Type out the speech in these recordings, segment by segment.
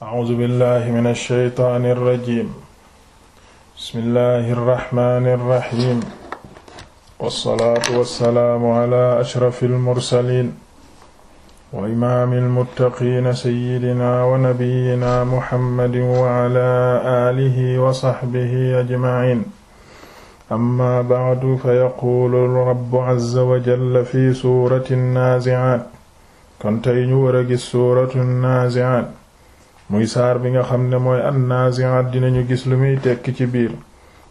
A'uuzu billahi mina shaytaani rajiim. Bismillahi rahmaani rahiim. Wassalaatu wassalaamu alaa ashrafil mursaliin. wa imaamil muttaqiina sayyidinaa wa nabiyyinaa Muhammadin wa alaa aalihi wa sahbihi ajma'iin. Ammaa ba'du fayaquulu rabbu azza wa jalla fi suurati naazi'aat. Kon tey ñu war a gis suuratu naazi'aat. muy saar bi nga xam ne mooy an-nazi'at dinañu gis lu muy tekk ci biir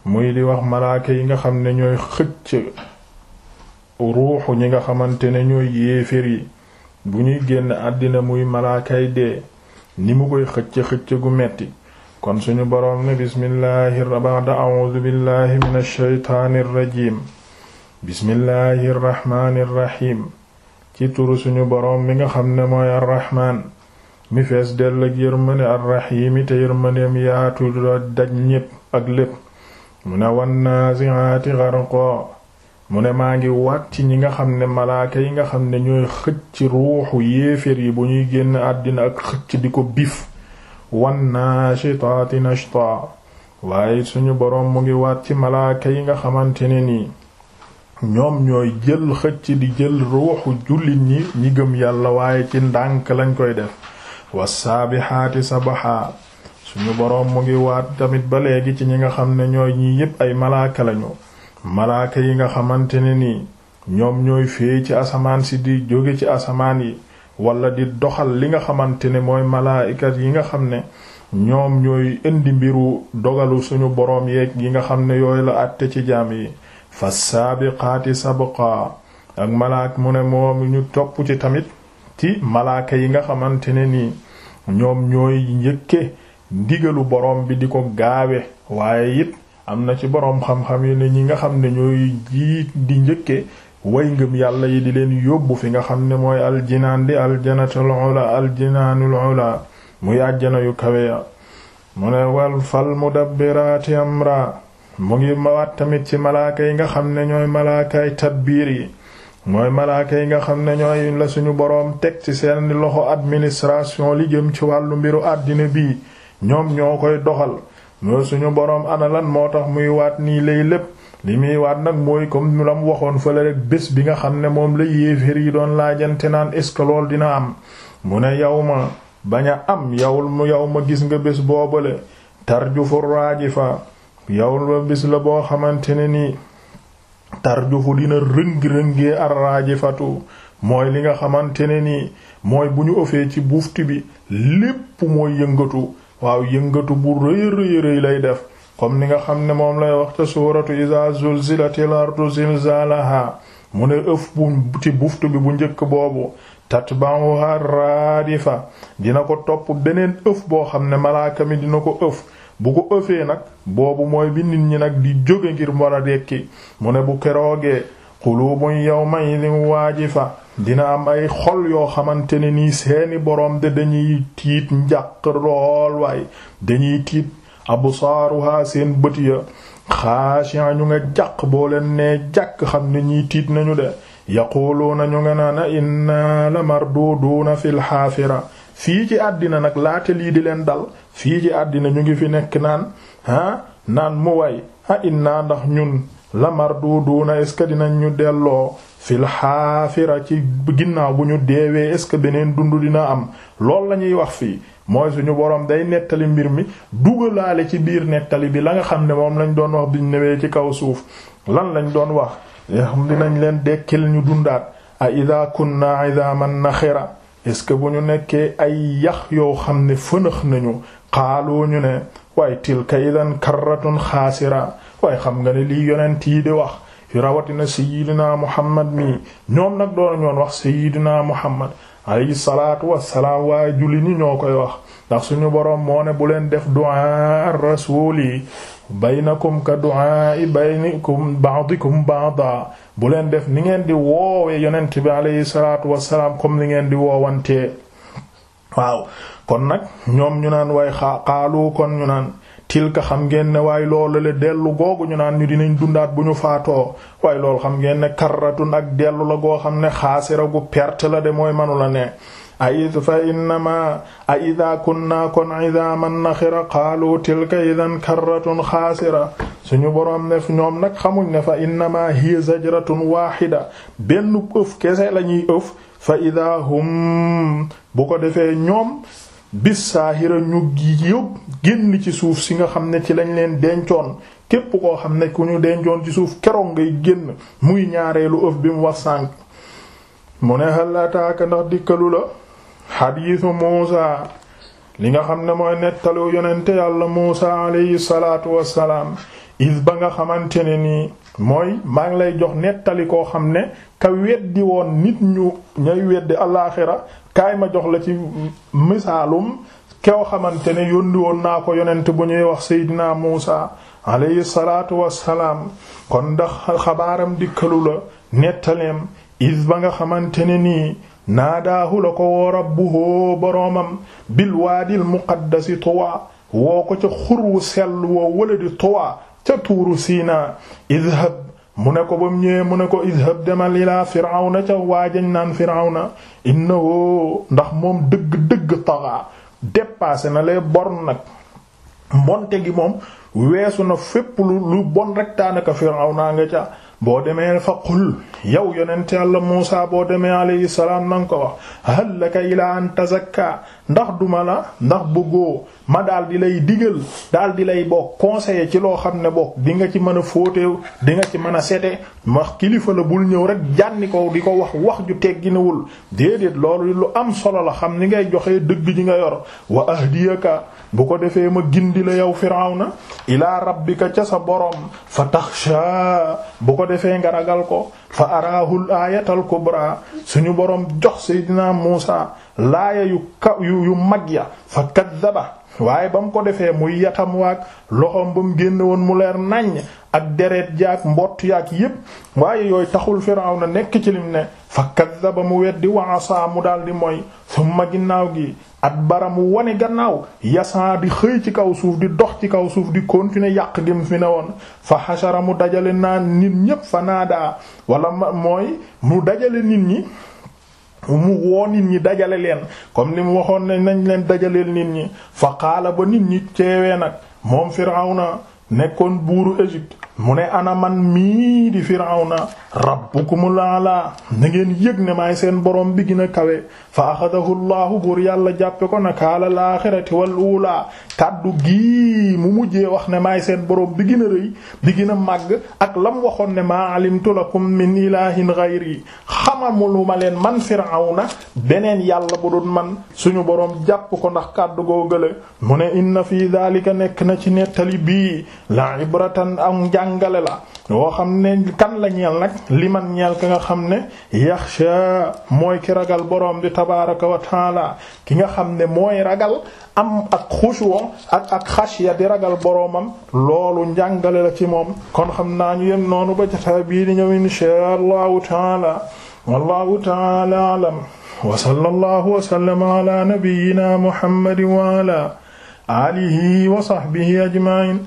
muy di wax malaaka yi nga xam ne ñooy xëcc ruuxu ñi nga xamante ne ñooy yéefér yi bu ñuy génn àddina muy malaakay dee ni mu koy xëcc xëcc gu metti kon suñu borom ne bismillahi ba'da a'uudu billahi minash shaytaanir rajiim bismillahi rrahmaanir rahiim ci turu suñu borom mi nga xam ne mooy arrahmaan mi fees dell ak yërmande arraxiimi te yërmandeem yaatu daj ñépp ak lépp mu ne wan naaziaati xarqoo mu ne maa ngi waat ci ñi nga xam ne malaaka yi nga xam ne ñooy xëcc ruuxu yéefér yi bu ñuy génn àddina ak xëcc di ko bif wan naashitaati nashta waaye suñu borom mu ngi waat ci malaaka yi nga xamante ne nii ñoom ñooy jël xëcc di jël ruuxu jullit ñi ñi gëm yàlla waaye ci ndànk lañ koy def wassaabihaati sabaha suñu boroom mu ngi waat tamit ba léegi ci ñi nga xam ne ñooy ñii yépp ay malaaka lañu malaaka yi nga xamante ne nii ñoom ñooy féey ci asamaan si di jóge ci asamaan yi wala di doxal li nga xamante ne mooy malaa'ikat yi nga xam ne ñoom ñooy indi mbiru dogalu suñu boroom yeeg yi nga xam ne yooyu la àtte ci jaam yi fa saabiqaati sabqa ak malaak mu ne moom ñu topp ci tamit ci malaaka yi nga xamante ne nii ñoom ñooy njëkke ndigalu borom bi di ko gaawe waaye it am na ci boroom xam-xam yi ne ñi nga xam ne ñooy jiit di njëkke way ngëm yàlla yi di leen yóbbu fi nga xam ne mooy aljinaan di aljanatul ula aljinaanul ula muy àjjana yu kawe ya mu ne wal fal mudabbiraati amra mu ngi mawaat tamit ci malaaka yi nga xam ne ñooy malaakaay tabbiir yi mooy malaaka yi nga xam ne ñooy la suñu boroom teg ci seen loxo administration li jëm ci wàllu mbiru àddina bi ñoom ñoo koy doxal mooy suñu boroom ana lan moo tax muy waat nii lay lépp li muy waat nag mooy comme lam waxoon fa fële rek bés bi nga xam ne moom la yéefér yi doon laajante naan est-ce que lool dina am mu ne yow ma bañ a am yowul mu yow ma gis nga bés boobale tarjufu fa yow ma bis la boo xamante ne nii tarjufu dina rëngi-rëngee arraajifatu mooy li nga xamante ne nii mooy bu ñu ëfee ci buuf ti bi lépp mooy yëngatu waaw yëngatu bu rëy rëy rëy lay def comme ni nga xam ne moom lay wax ca suuratu iza zulzilatil ardu zilzalaha mu ne ëf bu ci buftu bi bu njëkk boobu tatba'uha raadifa dina ko topp beneen ëf boo xam ne malaaka mi dina ko ëf bu ko ëffee nag boobu mooy bi nit ñi nag di jóge ngir mën a dekki mu ne bu keroogee xuluubun yawma idin waajifa dina am ay xol yoo xamante ne nii seeni boroom de dañuy tiit njàq lool waaye dañuy tiit absaaruha seen bët ya xaashi'a ñu nga jàq boo leen nee jàkk xam ne ñii tiit nañu de yaquluuna ñu nga naan inna la marduuduuna fil xaafira fii ci àddina nag laata lii di leen dal fii ci àddina ñu ngi fi nekk naan ah naan mu way a inna ndax ñun lamar du duuna est ce ñu delloo fil xaafira ci ginnaaw bu ñu deewee est ce beneen dund dina am lool la ñuy wax fii mooy suñu borom day nettali mbir mi dugg laale ci biir nettali bi la nga xam ne moom lañ doon wax biñ newee ci kaw suuf lan lañ doon wax dinañ leen dekkil ñu dundaat a ida kunna idaman naxira est-ce que bu ñu nekkee ay yax yoo xam ne fënax nañu xaaloo ñu ne waaye tilka idan karratun xaasira waaye xam nga ne lii yonent yi di wax fi rawatina sayidina muhammad mi ñoom nag doon ñoon wax sayidina muhammad alayhi salaatu wassalaam waaye julli ñi ñoo koy wax ndax suñu boroom moo ne bu leen def du'a ar-rasuli baynakum ka du'aa'i baynikum ba'dikum ba'da bu leen def ni ngeen di woowe yonent bi alayhi salaatu wassalaam comme ni ngeen di woowante waaw kon nag ñoom ñu naan waay xaalu kon ñu naan tilka xam ngeen ne waaye loolu la dellu googu ñu naan ñu dinañ dundaat bu ñu faatoo waay loolu xam ngeen ne karratun ak dellu la goo xam ne xaasira gu perte la de mooy manu la ne ay fa innama a ida kunna kon idaman naxira qaalu tilka idan karratun xaasira suñu boroom ne ñoom nag xamuñ ne fa innama hiya zajratun waaxida benn ëf kese lañuy ëf fa ida hum bu ko defee ñoom bis saahira ñu yóbb génn ci suuf si nga xam ne ci lañ leen dencoon képp koo xam ne ku ñu dencoon ci suuf keroog ngay génn muy ñaareelu ëf bi mu wax sànk mu ne hal ataaka ndax dikkalu la xadiisu Muusa li nga xam ne mooy nettalu yonent yàlla Muusa alayhi salaatu wassalaam is ba nga xamante ne nii mooy maa ngi lay jox nettali koo xam ne ka weddi woon nit ñu ñay weddi alaaxira kaay ma jox la ci misaalum koo xamante ne yónni woon naa ko yonent bu ñuy wax Seydina Muusa alayhi salaatu wassalaam kon ndax xabaaram dikkalu la nettaleem is ba nga xamante ne nii naadaahu la ko woo rabbuhu boroomam bil waadil muqaddasi tuwa woo ko ca xurwu sell woo wala di tuwa ca tuuru siina idhab mu ne ko ba mu mu ne ko idhab demal ilaa firawna ca waajañ naan firawna innahu ndax moom dëgg-dëgg taxaa dépassé na les bornes nag mbonte gi moom weesu na fépp lu lu bon rek daanaka firawna nga ca boo demee fa qul yow yonent yàlla Muusaa boo demee alayhi salaam na nga ko wax hal laka ilaa an tazakka ndax duma la ndax bëggoo ma daal di lay digal daal di lay bokk conseiller ci loo xam ne bokk di nga ci mën a fóoteew di nga ci mën a sete wax kilifa la bul ñëw rek jànni ko di ko wax wax ju tegginawul déedéet loolu lu am solo la xam ni ngay joxe dëgg ji nga yor wa ahdiyaka bu ko defee ma gindi la yow firawna ilaa ka ca sa borom fa tax taxsha bu ko defee nga ragal ko fa araahul ayatal kubra suñu borom jox seydina Muusa laaya yu ka yu mag ya fa kaddaba waaye ba mu ko defee muy yatam waak loxoom ba mu génn woon mu leer nàññ ak deret jaak mbott yaak yépp waaye yooyu taxul firawna nekk ci lim ne fa kaddaba mu weddi wa asaa mu daldi mooy summa ginnaaw gi at baramu wane gannaaw yasaa di xëy ci kaw suuf di dox ci kaw suuf di continuer yàq gim fi ne woon fa xasara mu dajale naa nit ñépp fa naadaa wala mooy mu dajale nit ñi mu woo nit ñi dajale leen kon li mu waxoon nañ leen dajaleel nit ñi fa qaala ba nit ñi ceewee nag moom Firawna nekkoon buuru Égypte mu ne ana man mii di Firawna rabbukumul ala na ngeen yëg ne maay seen borom bi gina a kawe fa axadahu llahu buur yàlla jàppe ko na kaala laaxirati wal uulaa kàddu gii mu mujjee wax ne maay seen borom bi gën a rëy bi gën màgg ak lam waxoon ne maa alimtu lakum min ilahin ghayri xamamu ma leen man Firawna beneen yàlla bu dul man suñu boroom jàpp ko ndax kàddu goo gële mu ne inna fii daalika nekk na ci nettali bii la ibratan am njàngale la woo xam ne kan la ñeel nag li man ñeel ka nga xam ne yaxsha mooy ki ragal borom di tabaaraka wa taala ki nga xam ne mooy ragal am ak xushuwa ak xashiya di ragal boromam loolu njàngale la ci moom kon xam naa ñu yem noonu ba jotaay bii di ñëw inshaa Allahu taala wallahu taala alam wa sallallahu wa ala nabiyyina muhammadin wa alihi wa sahbihi ajma'in